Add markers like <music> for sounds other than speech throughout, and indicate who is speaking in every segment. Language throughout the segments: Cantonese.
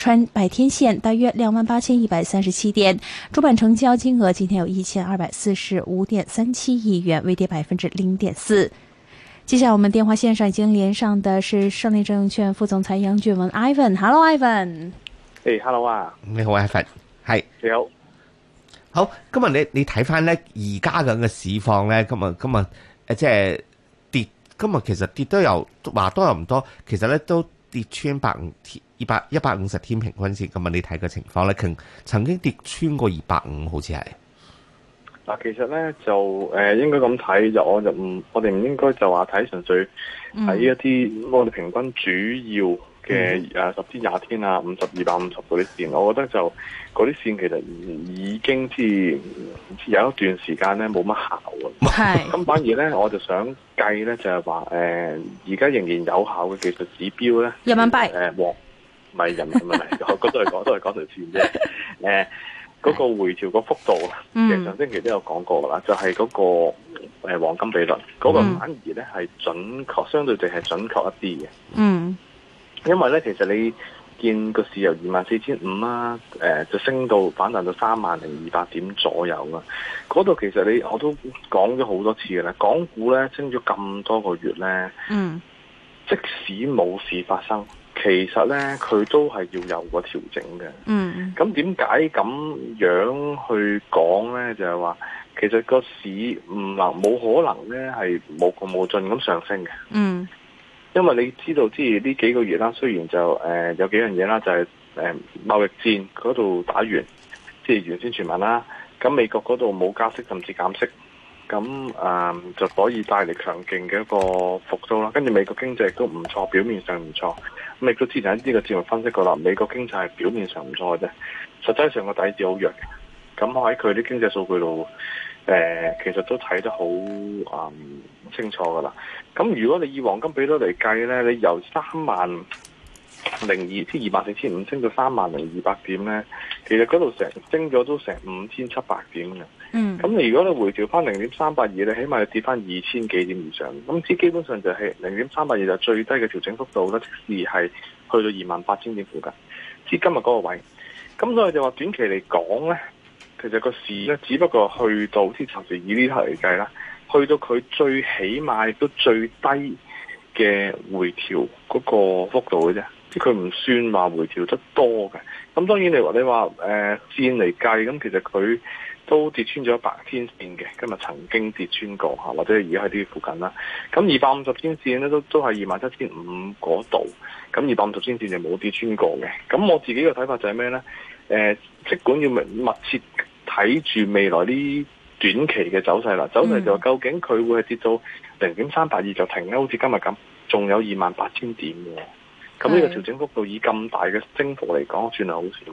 Speaker 1: 穿百天線大約兩萬八千一百三十七點，主板成交金額今天有一千二百四十五點三七億元，微跌百分之零點四。接下來我們電話線上已經連上的是勝利證券副總裁楊俊文，Ivan。Hello，Ivan。
Speaker 2: Hello 啊，你
Speaker 3: 好，Ivan。係、hey, 你好。Evan、好，今日你你睇翻呢而家咁嘅市況呢？今日今日即係跌，今日其實跌都有話多又唔多，其實呢都跌穿百五。二百一百五十天平均線咁啊，你睇個情況咧，曾曾經跌穿過二百五，好似係
Speaker 2: 嗱。其實咧就誒、呃，應該咁睇就我就唔我哋唔應該就話睇純粹睇一啲我哋平均主要嘅誒十天廿天啊，五十二百五十嗰啲線。我覺得就嗰啲線其實已已經知有一段時間咧冇乜效㗎。係咁，反而咧我就想計咧就係話誒，而、呃、家仍然有效嘅技術指標咧，人民幣誒、呃唔 <laughs> 係人嘅問題，人人人人 <laughs> 我覺得係講都係講條線啫。誒、 <laughs> 呃，嗰、那個回調個幅度、嗯，其實上星期都有講過噶啦，就係、是、嗰個誒黃金比率，嗰、那個反而呢係準、嗯、相對地係準確一啲嘅。嗯，因為呢其實你見個市由二萬四千五啦，就升到反彈到三萬零二百點左右啊。嗰度其實你我都講咗好多次噶啦，港股呢升咗咁多個月呢，嗯、即使冇事發生。其實咧，佢都係要有個調整嘅。嗯，咁點解咁樣去講咧？就係話，其實個市唔能冇可能咧，係冇窮冇盡咁上升嘅。嗯，因為你知道，即係呢幾個月啦，雖然就誒有幾樣嘢啦，就係誒貿易戰嗰度打完，即係原先傳聞啦，咁美國嗰度冇加息甚至減息。咁、嗯、誒就可以帶嚟強勁嘅一個復甦啦。跟住美國經濟都唔錯，表面上唔錯，咁亦都之前喺呢個節目分析過啦。美國經濟係表面上唔錯啫，實際上個底子好弱嘅。咁喺佢啲經濟數據度，誒、呃、其實都睇得好誒、嗯、清楚㗎啦。咁如果你以黃金比率嚟計咧，你由三萬零二即係二萬四千五升到三萬零二百點咧，其實嗰度成升咗都成五千七百點嘅。嗯，咁你如果你回調翻零點三百二，你起碼要跌翻二千幾點以上。咁至基本上就係零點三百二就最低嘅調整幅度啦。即使係去到二萬八千點附近，至今日嗰個位。咁所以就話短期嚟講咧，其實個市咧只不過去到，即係暫時以呢頭嚟計啦，去到佢最起碼都最低嘅回調嗰個幅度嘅啫。即佢唔算話回調得多嘅，咁當然你話你話誒、呃、線嚟計，咁其實佢都跌穿咗一百天線嘅，今日曾經跌穿過嚇，或者而家喺啲附近啦。咁二百五十天線咧都都係二萬七千五嗰度，咁二百五十天線就冇跌穿過嘅。咁我自己嘅睇法就係咩咧？誒、呃，即管要密切睇住未來啲短期嘅走勢啦。嗯、走勢就究竟佢會係跌到零點三八二就停咧？好似今日咁，仲有二萬八千點嘅。咁呢個調整幅度以咁大嘅升幅嚟講，算係好少。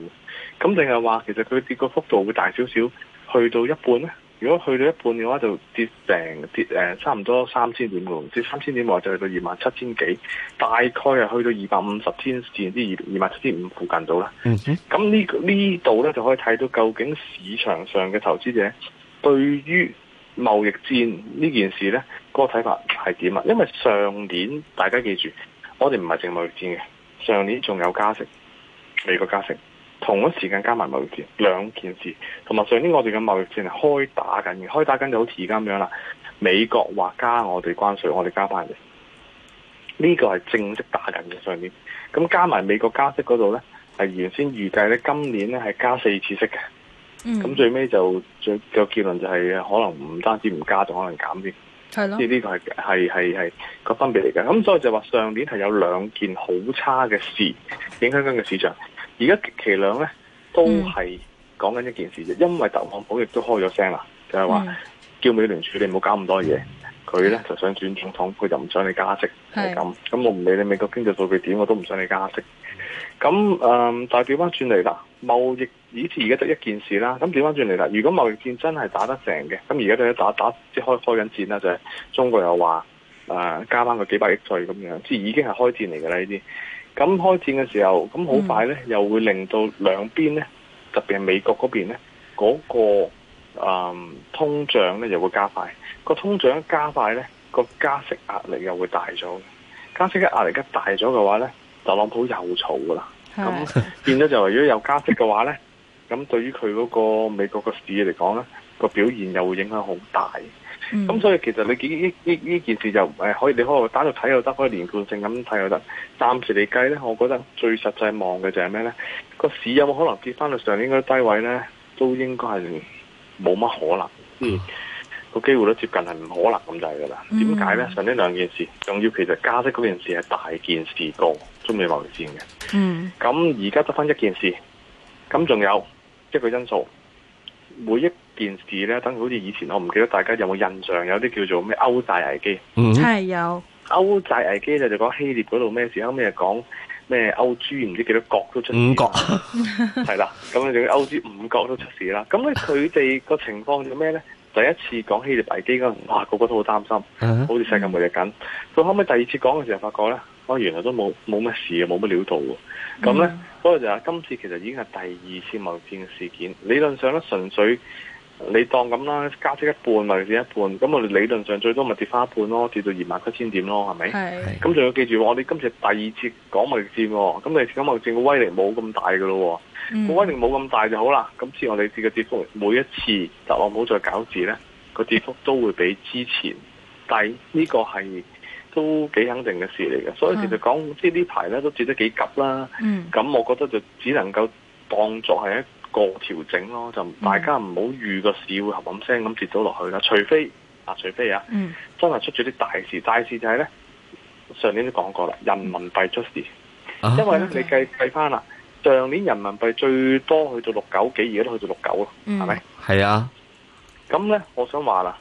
Speaker 2: 咁定係話其實佢跌個幅度會大少少，去到一半咧。如果去到一半嘅話，就跌成跌差唔多三千點嘅，跌三千點話就去到二萬七千幾，大概係去到二百五十天線至二二萬七千五附近到啦。
Speaker 4: 嗯、
Speaker 2: mm -hmm. 這個，咁呢呢度咧就可以睇到究竟市場上嘅投資者對於貿易戰呢件事咧、那個睇法係點啊？因為上年大家記住。我哋唔係淨貿易戰嘅，上年仲有加息，美國加息，同一時間加埋貿易戰兩件事，同埋上年我哋嘅貿易戰係開打緊嘅，開打緊就好似而家咁樣啦。美國話加我哋關稅，我哋加翻嚟，呢、這個係正式打緊嘅上年。咁加埋美國加息嗰度咧，係原先預計咧今年咧係加四次息嘅，
Speaker 4: 咁、嗯、最
Speaker 2: 尾就個結論就係、是、可能唔單止唔加，仲可能減啲。係咯，呢個係係係係個分別嚟嘅，咁所以就話上年係有兩件好差嘅事影響緊嘅市場，而家極其量咧都係講緊一件事啫，嗯，因為特朗普亦都開咗聲啦，就係、是、話叫美聯儲你唔好搞咁多嘢，佢咧就想轉總統，佢就唔想你加息係咁，咁我唔理你美國經濟數據點，我都唔想你加息，咁誒，但轉翻轉嚟啦，貿易。以前而家得一件事啦，咁點翻轉嚟啦。如果貿易戰真係打得成嘅，咁而家佢一打打即係開緊戰啦，就係、是、中國又話誒、呃、加翻個幾百億稅咁樣，即係已經係開戰嚟㗎啦呢啲。咁開戰嘅時候，咁好快咧，又會令到兩邊咧、嗯，特別係美國嗰邊咧，嗰、那個、呃、通脹咧又會加快。個通脹加快咧，個加息壓力又會大咗。加息嘅壓力一大咗嘅話咧，特朗普又吵㗎啦。咁變咗就係、是，如果有加息嘅話咧。 <laughs> 咁對於佢嗰個美國個市嚟講呢、呢個表現又會影響好大。咁、嗯、所以其實你見呢呢件事就、呃、可以你可以單嚟睇又得，可以連貫性咁睇又得。暫時嚟計呢，我覺得最實際望嘅就係咩呢？個市有冇可能跌翻到上年嗰啲低位呢？都應該係冇乜可能。嗯，哦個機會都接近係唔可能咁就係噶啦。點、嗯、解呢？上年兩件事，仲要其實加息嗰件事係大件事過中美貿易戰嘅。咁而家得翻一件事，咁仲有。一個因素，每一件事咧，等於好似以前，我唔記得大家有冇印象，有啲叫做咩歐債危機，係有歐債危機就就講希臘嗰度咩事，後尾就講咩歐豬唔知幾多國都出事，五國係啦，咁啊仲要歐豬五國都出事啦，咁咧佢哋個情況叫咩咧？第一次講希臘危機嗰陣，哇個個都好擔心，mm -hmm. 好似世界末日緊，到後尾第二次講嘅時候，發覺咧。我原來都冇冇乜事冇乜料到喎。咁、嗯、咧，所以就係、今次其實已經係第二次貿易戰嘅事件。理論上咧，純粹你當咁啦，加息一半，貿易戰一半，咁我哋理論上最多咪跌翻一半咯，跌到二萬七千點咯，係咪？係。咁仲要記住，我哋今次第二次港貿易戰喎。咁呢次港貿易戰嘅威力冇咁大嘅咯，個威力冇咁大，、嗯、大就好啦。今次我哋跌嘅跌幅每一次，就我冇再搞字咧，個跌幅都會比之前低。呢個係。都幾肯定嘅事嚟嘅，所以其實講即係呢排咧都跌得幾急啦。咁、嗯、我覺得就只能夠當作係一個調整咯，就大家唔好預個市會冚冚聲咁跌咗落去啦。除非啊，除非啊，真、嗯、係出咗啲大事，大事就係咧，上年都講過啦，人民幣出事，啊、因為咧你計計翻啦，上、okay. 年人民幣最多去到六九幾，而家都去到六九咯，
Speaker 3: 係、嗯、咪？係啊。
Speaker 2: 咁咧，我想話啦。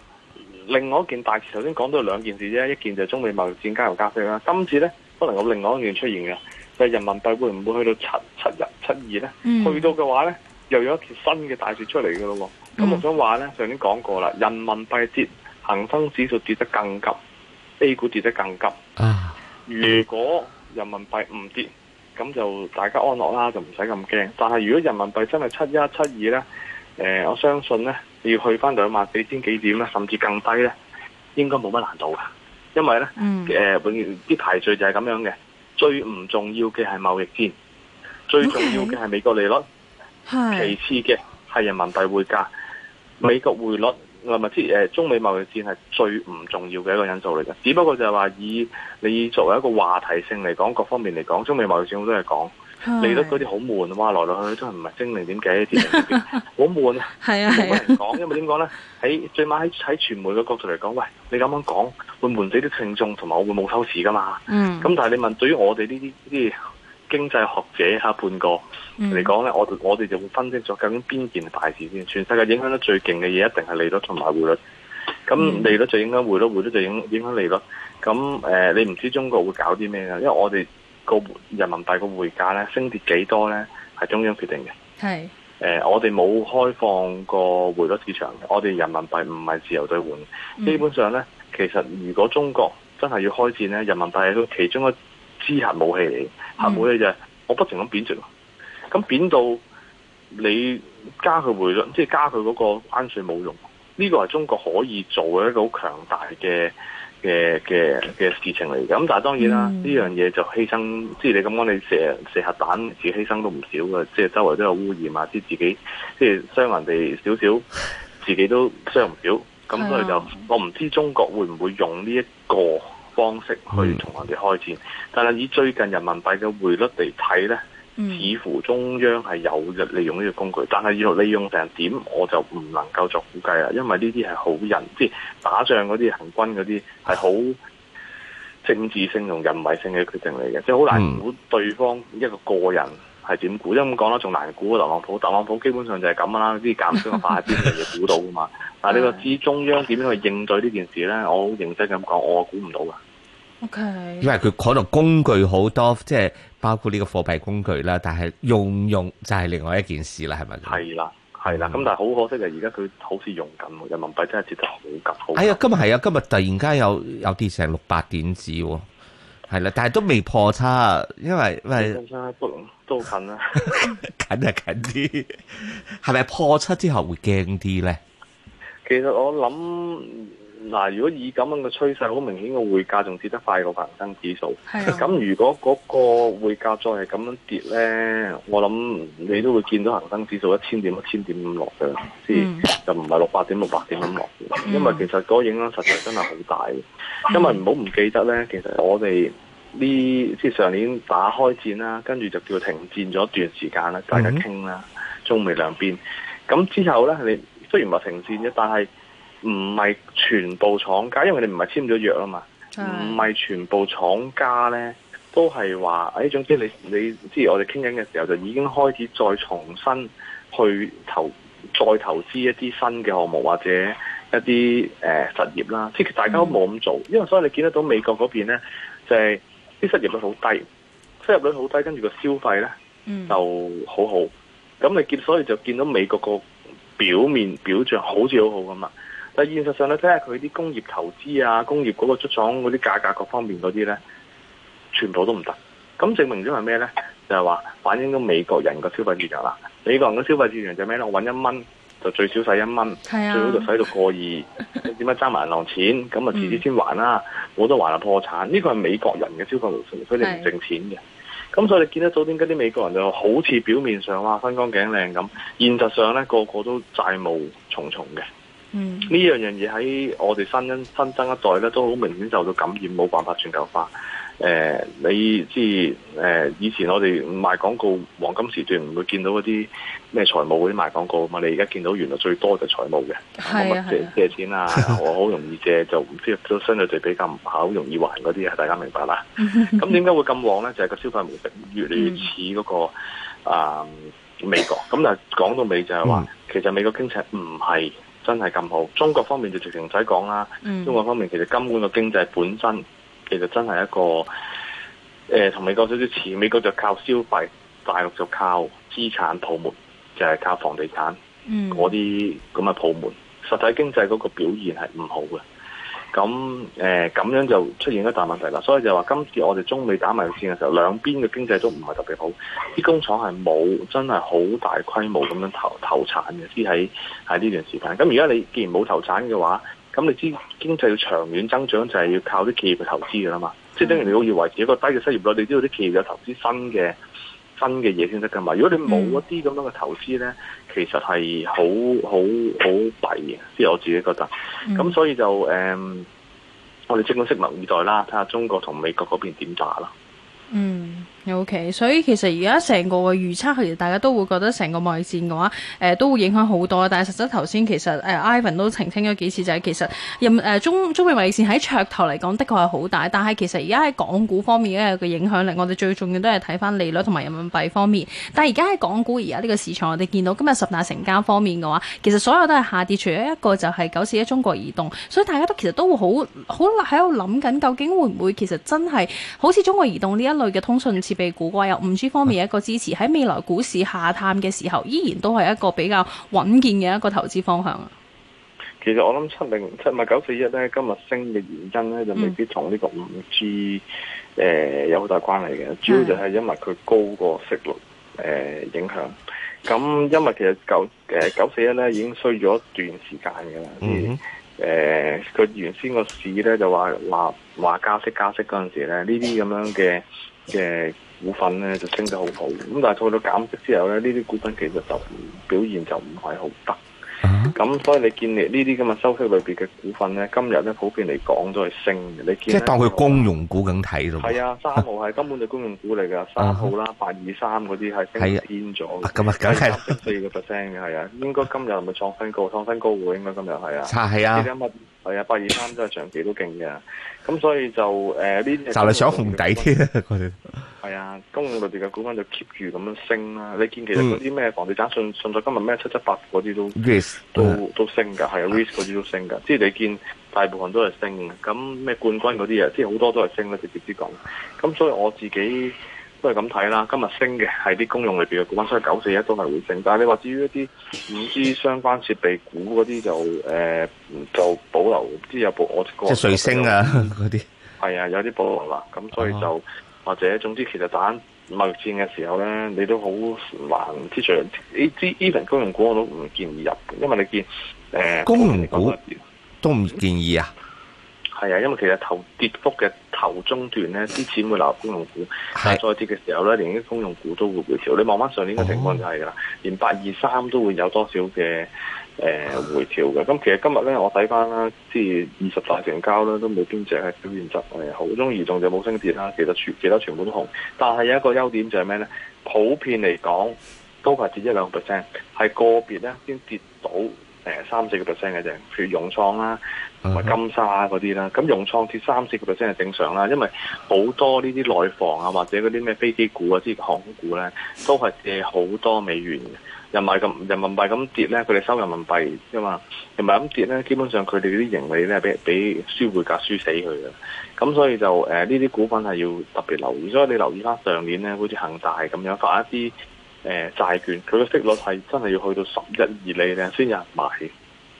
Speaker 2: 另外一件大事，頭先講到兩件事啫，一件就係中美貿易戰加油加息啦。今次呢，可能有另外一件出現嘅，就係、是、人民幣會唔會去到七七一七二呢？Mm. 去到嘅話呢，又有一件新嘅大事出嚟嘅咯喎。咁、mm. 我想話呢，上先講過啦，人民幣跌，恒生指數跌得更急，A 股跌得更急。啊、uh. 如果人民幣唔跌，咁就大家安樂啦，就唔使咁驚。但係如果人民幣真係七一七二呢、呃，我相信呢。你要去翻兩萬四千幾點咧，甚至更低咧，應該冇乜難度噶，因為咧，誒、mm. 呃，永遠啲排序就係咁樣嘅，最唔重要嘅係貿易戰，最重要嘅係美國利率，okay. 其次嘅係人民幣匯價，yeah. 美國匯率，係唔即誒，中美貿易戰係最唔重要嘅一個因素嚟嘅，只不過就係話以你作為一個話題性嚟講，各方面嚟講，中美貿易戰我都係講。利率嗰啲好悶，嘛，來來去去都係唔係精靈點解好啲 <laughs> <laughs> 人，好悶，
Speaker 4: 冇人講，
Speaker 2: 因為點講咧？喺最晚喺喺傳媒嘅角度嚟講，喂，你咁樣講會悶死啲聽眾，同埋我會冇收視噶嘛？咁、嗯、但係你問，對於我哋呢啲呢啲經濟學者吓半個嚟講咧，我我哋就會分析咗究竟邊件大事先，全世界影響得最勁嘅嘢，一定係利率同埋匯率，咁利率最影響匯率，匯率最影影響利率。咁誒、呃，你唔知中國會搞啲咩啊？因為我哋。個人民幣個匯價咧升跌幾多咧？係中央決定嘅。係。誒、呃，我哋冇開放個匯率市場，我哋人民幣唔係自由兌換，嗯。基本上咧，其實如果中國真係要開戰咧，人民幣係其中一支核武器嚟。核武器，每、嗯、日我不停咁貶值。咁貶到你加佢匯率，即係加佢嗰個關稅冇用。呢、這個係中國可以做嘅一個好強大嘅。嘅嘅嘅事情嚟嘅，咁但係當然啦，呢、mm. 樣嘢就犧牲，即係你咁講，你射射核彈自己犧牲都唔少嘅，即係周圍都有污染啊，即係自己即係傷人哋少少，自己都傷唔少，咁、mm. 所以就我唔知中國會唔會用呢一個方式去同人哋開戰，mm. 但係以最近人民幣嘅匯率嚟睇咧。似乎中央係有利用呢個工具，但係要利用成點，麼我就唔能夠作估計啦。因為呢啲係好人，即係打仗嗰啲，行軍嗰啲係好政治性同人為性嘅決定嚟嘅，即係好難估對方一個個人係點估。因為咁講啦，仲難估特朗普，特朗普基本上就係咁啦，啲減少嘅發展嘅嘢估到噶嘛。 <laughs> 但係你話知中央點樣去應對呢件事咧，我好認真咁講，我估唔到㗎。
Speaker 4: Okay, 因為
Speaker 3: 佢可能工具好多，即係包括呢個貨幣工具啦，但係用唔用就係另外一件事啦，係咪？
Speaker 2: 係啦，係啦，咁但係好可惜嘅，而家佢好似用緊，人民幣真係跌得好急
Speaker 3: 好急。哎呀，今日係啊，今日突然間有有跌成六百點子，係啦，但係都未破七，因為因為
Speaker 2: 最近都近啊， <laughs>
Speaker 3: 近啊近啲，係咪破七之後會驚啲咧？
Speaker 2: 其實我諗。嗱，如果以咁樣嘅趨勢，好明顯個匯價仲跌得快過恒生指數。係、啊，咁如果嗰個匯價再係咁樣跌咧，我諗你都會見到恒生指數一千點、一千點咁落嘅，即係就唔係六百點、六百點咁落。因為其實嗰影響實在真係好大。因為唔好唔記得咧，其實我哋呢即係上年打開戰啦，跟住就叫停戰咗一段時間啦，大家傾啦，中、嗯、美兩邊。咁之後咧，你雖然話停戰啫，但係唔係全部廠家，因為你唔係簽咗約啊嘛，唔係全部廠家咧，都係話，哎總之你你，即係我哋傾緊嘅時候就已經開始再重新去投，再投資一啲新嘅項目或者一啲誒、呃、實業啦，即係大家都冇咁做，嗯、因為所以你見得到美國嗰邊咧，就係、是、啲失業率好低，失業率好低，跟住個消費咧就好好，咁、嗯、你見所以就見到美國個表面表象好似好好噶嘛。但係現實上咧，睇下佢啲工業投資啊、工業嗰個出廠嗰啲價格各方面嗰啲咧，全部都唔得。咁證明咗係咩咧？就係、是、話反映到美國人個消費市場啦。美國人嘅消費市場就咩咧？我搵一蚊就最少使一蚊，啊，最好就使到過二。點解爭埋銀行錢？咁啊，遲啲先還啦，冇得還啊，嗯、還破產。呢個係美國人嘅消費模式，所以你唔剩錢嘅。咁所以你見到早點啲美國人就好似表面上哇身光頸靚咁，現實上咧個個都債務重重嘅。嗯，呢樣樣嘢喺我哋新新增一代咧，都好明顯受到感染，冇辦法全球化。誒、呃，你知誒、呃？以前我哋賣廣告黃金時段唔會見到嗰啲咩財務嗰啲賣廣告啊嘛，你而家見到原來最多就財務嘅，我、啊、借錢、啊、錢啊， <laughs> 我好容易借就唔知相對對比較唔好容易還嗰啲啊，大家明白啦。咁點解會咁旺咧？就係、是、個消費模式越嚟越似嗰、那個、嗯嗯、啊美國。咁但係講到尾就係話、嗯，其實美國經濟唔係。真係咁好，中國方面就直情唔使講啦。中國方面其實根本個經濟本身，其實真係一個，誒、呃、同美國少少似。美國就靠消費，大陸就靠資產泡沫，就係、是、靠房地產嗰啲咁嘅泡沫，實體經濟嗰個表現係唔好嘅。咁誒咁樣就出現一大問題啦，所以就話今次我哋中美打埋戰嘅時候，兩邊嘅經濟都唔係特別好，啲工廠係冇真係好大規模咁樣投投產嘅，啲喺喺呢段時間。咁而家你既然冇投產嘅話，咁你知經濟要長遠增長就係要靠啲企業嘅投資㗎嘛。即係等人你好以維持一個低嘅失業率，你知道啲企業有投資新嘅新嘅嘢先得㗎嘛。如果你冇一啲咁樣嘅投資咧，其實係好好好弊嘅，即係我自己覺得。咁、嗯、所以就誒，um, 我哋積穀拭目以待啦，睇下中國同美國嗰邊點打咯。嗯。
Speaker 1: O、okay, K，所以其實而家成個預測，其實大家都會覺得成個貿易戰嘅話、呃，都會影響好多。但係實質頭先其實誒、呃、Ivan 都澄清咗幾次，就係、是、其實任、呃、中中美貿易戰喺噱頭嚟講，的確係好大。但係其實而家喺港股方面咧嘅影響力，我哋最重要都係睇翻利率同埋人民幣方面。但係而家喺港股而家呢個市場，我哋見到今日十大成交方面嘅話，其實所有都係下跌，除咗一個就係九四一中國移動。所以大家都其實都會好好喺度諗緊，在想究竟會唔會其實真係好似中國移動呢一類嘅通訊設？被股掛有五 G 方面嘅一個支持，喺未來股市下探嘅時候，依然都係一個比較穩健嘅一個投資方向啊。
Speaker 2: 其實我諗七零七咪九四一咧，今日升嘅原因咧就未必同呢個五 G 誒有好大關係嘅，主要就係因為佢高過息率誒、呃、影響。咁因為其實九誒九四一咧已經衰咗一段時間㗎喇，而誒佢原先個市咧就話話話加息加息嗰陣時咧呢啲咁樣嘅嘅。的股份咧就升得好好，咁但係做到減息之後咧，呢啲股份其實就表現就唔係好得，咁所以你見呢啲咁嘅收息類別嘅股份咧，今日咧普遍嚟講都係升嘅。你見，即係當佢
Speaker 3: 公用股咁睇咯。係啊，
Speaker 2: 三號係根本就公用股嚟噶，三號啦、八二三嗰啲係升偏咗。今日梗係四個 percent 嘅，係啊，應該今日係咪創新高？創新高喎，應該今日係啊。係啊，八二三都係長期都勁嘅，咁所以就誒呢啲就係上紅底
Speaker 4: 添。
Speaker 2: 係啊，公用裏邊嘅股份就 keep 住咁樣升啦、啊。你見其實嗰啲咩房地產信信咗今日咩七七八嗰啲都 risk 都、啊、都升噶，係啊，risk 嗰啲都升噶、啊。即係你見大部分都係升嘅。咁咩冠軍嗰啲啊，即係好多都係升啦，直接啲講。咁所以我自己都係咁睇啦。今日升嘅係啲公用裏邊嘅股份，所以九四一都係會升。但係你話至於一啲五 G 相關設備股嗰啲就誒、呃，就保留，即係有部我即係瑞
Speaker 3: 星啊嗰啲，
Speaker 2: 係啊，有啲保留啦。咁所以就。啊啊或者總之，其實打貿易戰嘅時候咧，你都好難推出。呢啲呢份公用股我都唔建議入，因為你見誒公用
Speaker 3: 股都唔建議啊。
Speaker 2: 係啊，因為其實頭跌幅嘅頭中段咧，啲錢會流入公用股。但係再跌嘅時候咧，連啲公用股都會少。你望翻上年嘅情況就係啦、哦，連八二三都會有多少嘅。誒回調嘅，咁其實今日咧，我睇翻啦，即係二十大成交啦，都冇邊隻係表現執，誒好中移動就冇升跌啦，其實全其他全部紅，但係有一個優點就係咩咧？普遍嚟講都係跌一兩個 percent，係個別咧先跌到。誒三四個 percent 嘅啫，譬如融創啦，同埋金沙嗰啲啦，咁融創跌三四個 percent 係正常啦，因為好多呢啲內房啊，或者嗰啲咩飛機股啊，啲航空股咧，都係借好多美元嘅，人民咁人民幣咁跌咧，佢哋收人民幣啫嘛、嗯，人民幣咁跌咧，基本上佢哋嗰啲盈利咧，俾俾輸匯價輸死佢嘅，咁所以就誒呢啲股份係要特別留意，所以你留意翻上年咧，好似恒大咁樣發一啲。誒債券佢個息率係真係要去到十一二厘咧，先有人買。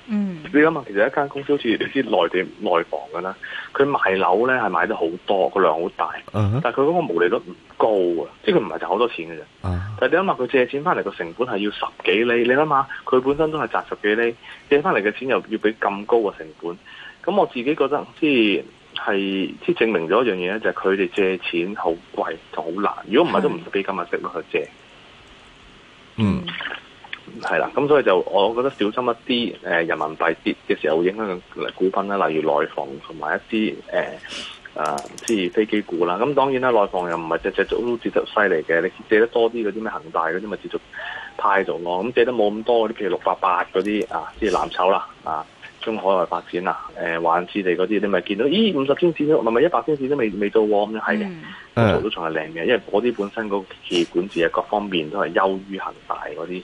Speaker 4: 嗯，你
Speaker 2: 諗下，其實一間公司好似你知內地內房嘅啦，佢賣樓咧係賣得好多，個量好大。嗯、但係佢嗰個毛利率唔高啊，即係佢唔係賺好多錢嘅啫、嗯。但係你諗下，佢借錢翻嚟個成本係要十幾厘，你諗下佢本身都係賺十幾厘，借翻嚟嘅錢又要俾咁高個成本，咁我自己覺得即係即係證明咗一樣嘢咧，就係佢哋借錢好貴就好難。如果唔係，都唔俾咁嘅息率去借。嗯。嗯，係啦，咁所以就我覺得小心一啲，誒、呃，人民幣跌嘅時候會影響股份啦，例如內房同埋一啲誒、呃，啊，即係飛機股啦。咁當然啦，內房又唔係只只都跌得犀利嘅，你借得多啲嗰啲咩恒大嗰啲咪直接派咗咯。咁借得冇咁多嗰啲，譬如六八八嗰啲啊，即係藍籌啦，啊。中海外發展啊，誒華潤置地嗰啲，你咪見到，咦，五十天線都唔係，咪一百天線都未未到喎，咁樣係嘅。嗯、係嘅，都仲係靚嘅，因為嗰啲本身個企業管治啊，各方面都係優於恒大嗰啲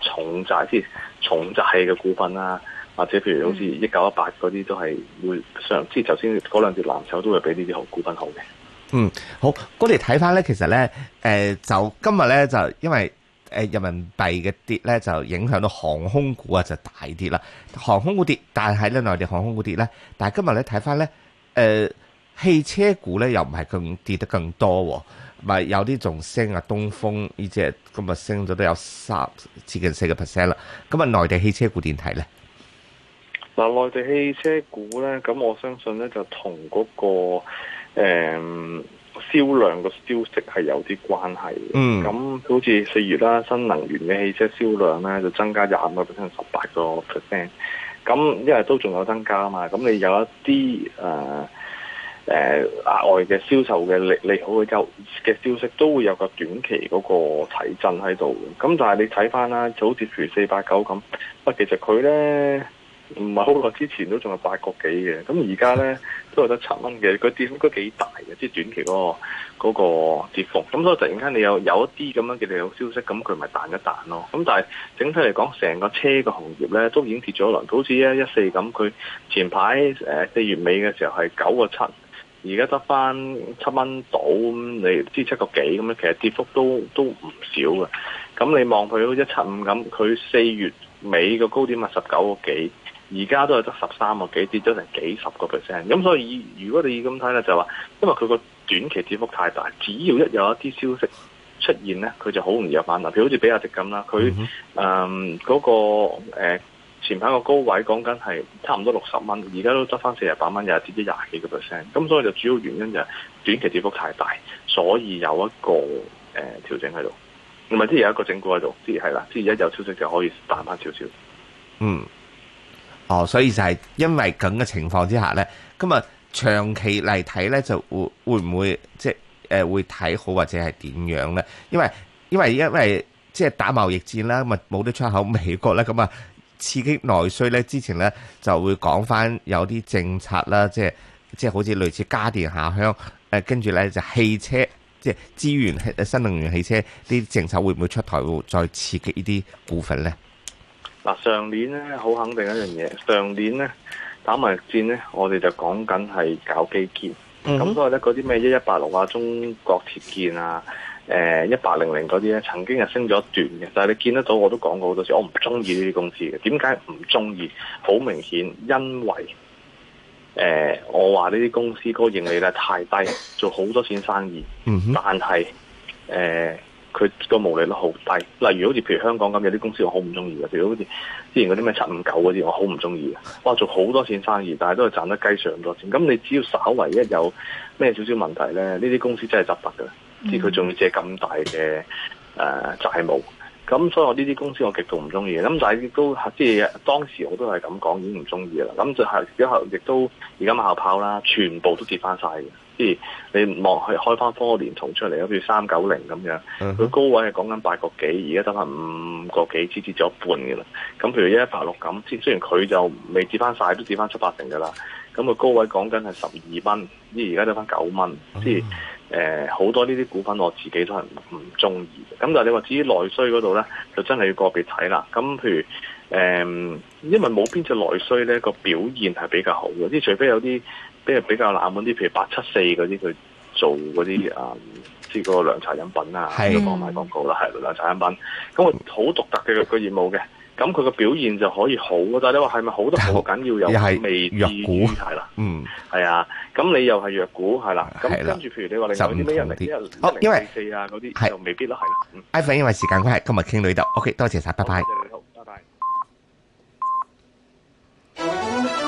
Speaker 2: 重債，即係重債嘅股份啦、啊，或者譬如好似一九一八嗰啲都係會上，即係頭先嗰兩隻藍籌都會比呢啲好股份好嘅。嗯，
Speaker 3: 好，我哋睇翻咧，其實咧，誒、呃、就今日咧就因為。誒，人民幣嘅跌咧就影響到航空股啊，就大跌啦。航空股跌，但係咧內地航空股跌咧。但係今日咧睇翻咧，誒、呃、汽車股咧又唔係咁跌得更多喎，哦。咪有啲仲升啊，東風呢隻今日升咗都有三接近四個 percent 啦。咁啊，內地汽車股點睇咧？
Speaker 2: 嗱，內地汽車股咧，咁我相信咧就同嗰、嗰個、嗯銷量個消息係有啲關係嘅，咁、嗯、好似四月啦，新能源嘅汽車銷量咧就增加咗百分之十八個 percent，咁因為都仲有增加嘛，咁你有一啲誒誒額外嘅銷售嘅利利好嘅消嘅消息，都會有個短期嗰個提振喺度，咁但係你睇翻啦，就好似譬如四百九咁，不過其實佢咧。唔係好耐之前有都仲係八個幾嘅，咁而家咧都係得七蚊嘅，佢跌幅都幾大嘅，即係短期嗰個嗰個跌幅。咁所以突然間你有有一啲咁樣嘅利好消息，咁佢咪彈一彈咯。咁但係整體嚟講，成個車嘅行業咧都已經跌咗落，好似一一四咁。佢前排誒四月尾嘅時候係九個七，而家得翻七蚊到，你知七個幾咁樣，其實跌幅都都唔少嘅。咁你望佢好似一七五咁，佢四月尾嘅高點係十九個幾。而家都係得十三個幾，跌咗成幾十個 percent。咁所以，如果你咁睇咧，就話，因為佢個短期跌幅太大，只要一有一啲消息出現咧，佢就好容易有反彈。嗱，譬如好似比亞迪咁啦，佢誒嗰個、呃、前排個高位講緊係差唔多六十蚊，而家都得翻四十八蚊，又係跌咗廿幾個 percent。咁所以就主要原因就係短期跌幅太大，所以有一個誒、呃、調整喺度。唔係即係有一個整固喺度，即係啦，即係一有消息就可以彈翻少少。嗯。
Speaker 3: 哦，所以就係因為咁嘅情況之下咧，咁啊長期嚟睇咧，就會會唔會、就是呃、會即係誒會睇好或者係點樣咧？因為因為因為即係、就是、打貿易戰啦，咁啊冇得出口美國咧，咁啊刺激內需咧。之前咧就會講翻有啲政策啦，即係即係好似類似家電下鄉，誒跟住咧就是、汽車即係、就是、資源新能源汽車呢啲政策會唔會出台，會再刺激呢啲股份咧？
Speaker 2: 嗱，上年咧，好肯定一樣嘢，上年咧，打埋戰咧，我哋就講緊係搞基建，咁、mm -hmm. 所以咧嗰啲咩一一八六啊、中國鐵建啊、誒一八零零嗰啲咧，曾經係升咗一段嘅，但係你見得到，我都講過好多次，我唔中意呢啲公司嘅。點解唔中意？好明顯，因為誒、呃、我話呢啲公司嗰個盈利咧太低，做好多錢生意，mm -hmm. 但係誒。呃佢個毛利率好低，例如好似譬如香港咁有啲公司我好唔中意嘅，譬如好似之前嗰啲咩七五九嗰啲我好唔中意嘅，哇做好多錢生意，但係都係賺得雞上咁多錢，咁你只要稍為一有咩少少問題咧，呢啲公司真係執得嘅，知佢仲要借咁大嘅誒、呃、債務，咁所以我呢啲公司我極度唔中意，咁但係都即係當時我都係咁講已經唔中意啦，咁就係、是、之後亦都而家馬後炮啦，全部都跌翻晒嘅。即係你望佢開翻科聯同出嚟，好似三九零咁樣，佢、嗯、高位係講緊八個幾，而家得翻五個幾，先跌咗一半嘅啦。咁譬如一一八六咁，雖雖然佢就未跌翻晒，都跌翻七八成嘅啦。咁佢高位講緊係十二蚊，依而家得翻九蚊。即係誒好多呢啲股份我自己都係唔中意嘅。咁但係你話至於內需嗰度咧，就真係要個別睇啦。咁譬如誒、呃，因為冇邊隻內需咧個表現係比較好嘅，即係除非有啲。比比較冷門啲，譬如八七四嗰啲佢做嗰啲啊，即係嗰個涼茶飲品啊，都幫我買廣告啦，係涼茶飲品。咁佢好獨特嘅個業務嘅，咁佢個表現就可以好。但係你話係咪好都好緊要有未知狀態啦？嗯，係啊。咁你又係弱股係啦。咁跟住，譬如你話你有啲咩
Speaker 3: 有啲好，因為未必時間關係，今日傾到呢度。OK，多謝晒，拜拜。
Speaker 2: 好謝謝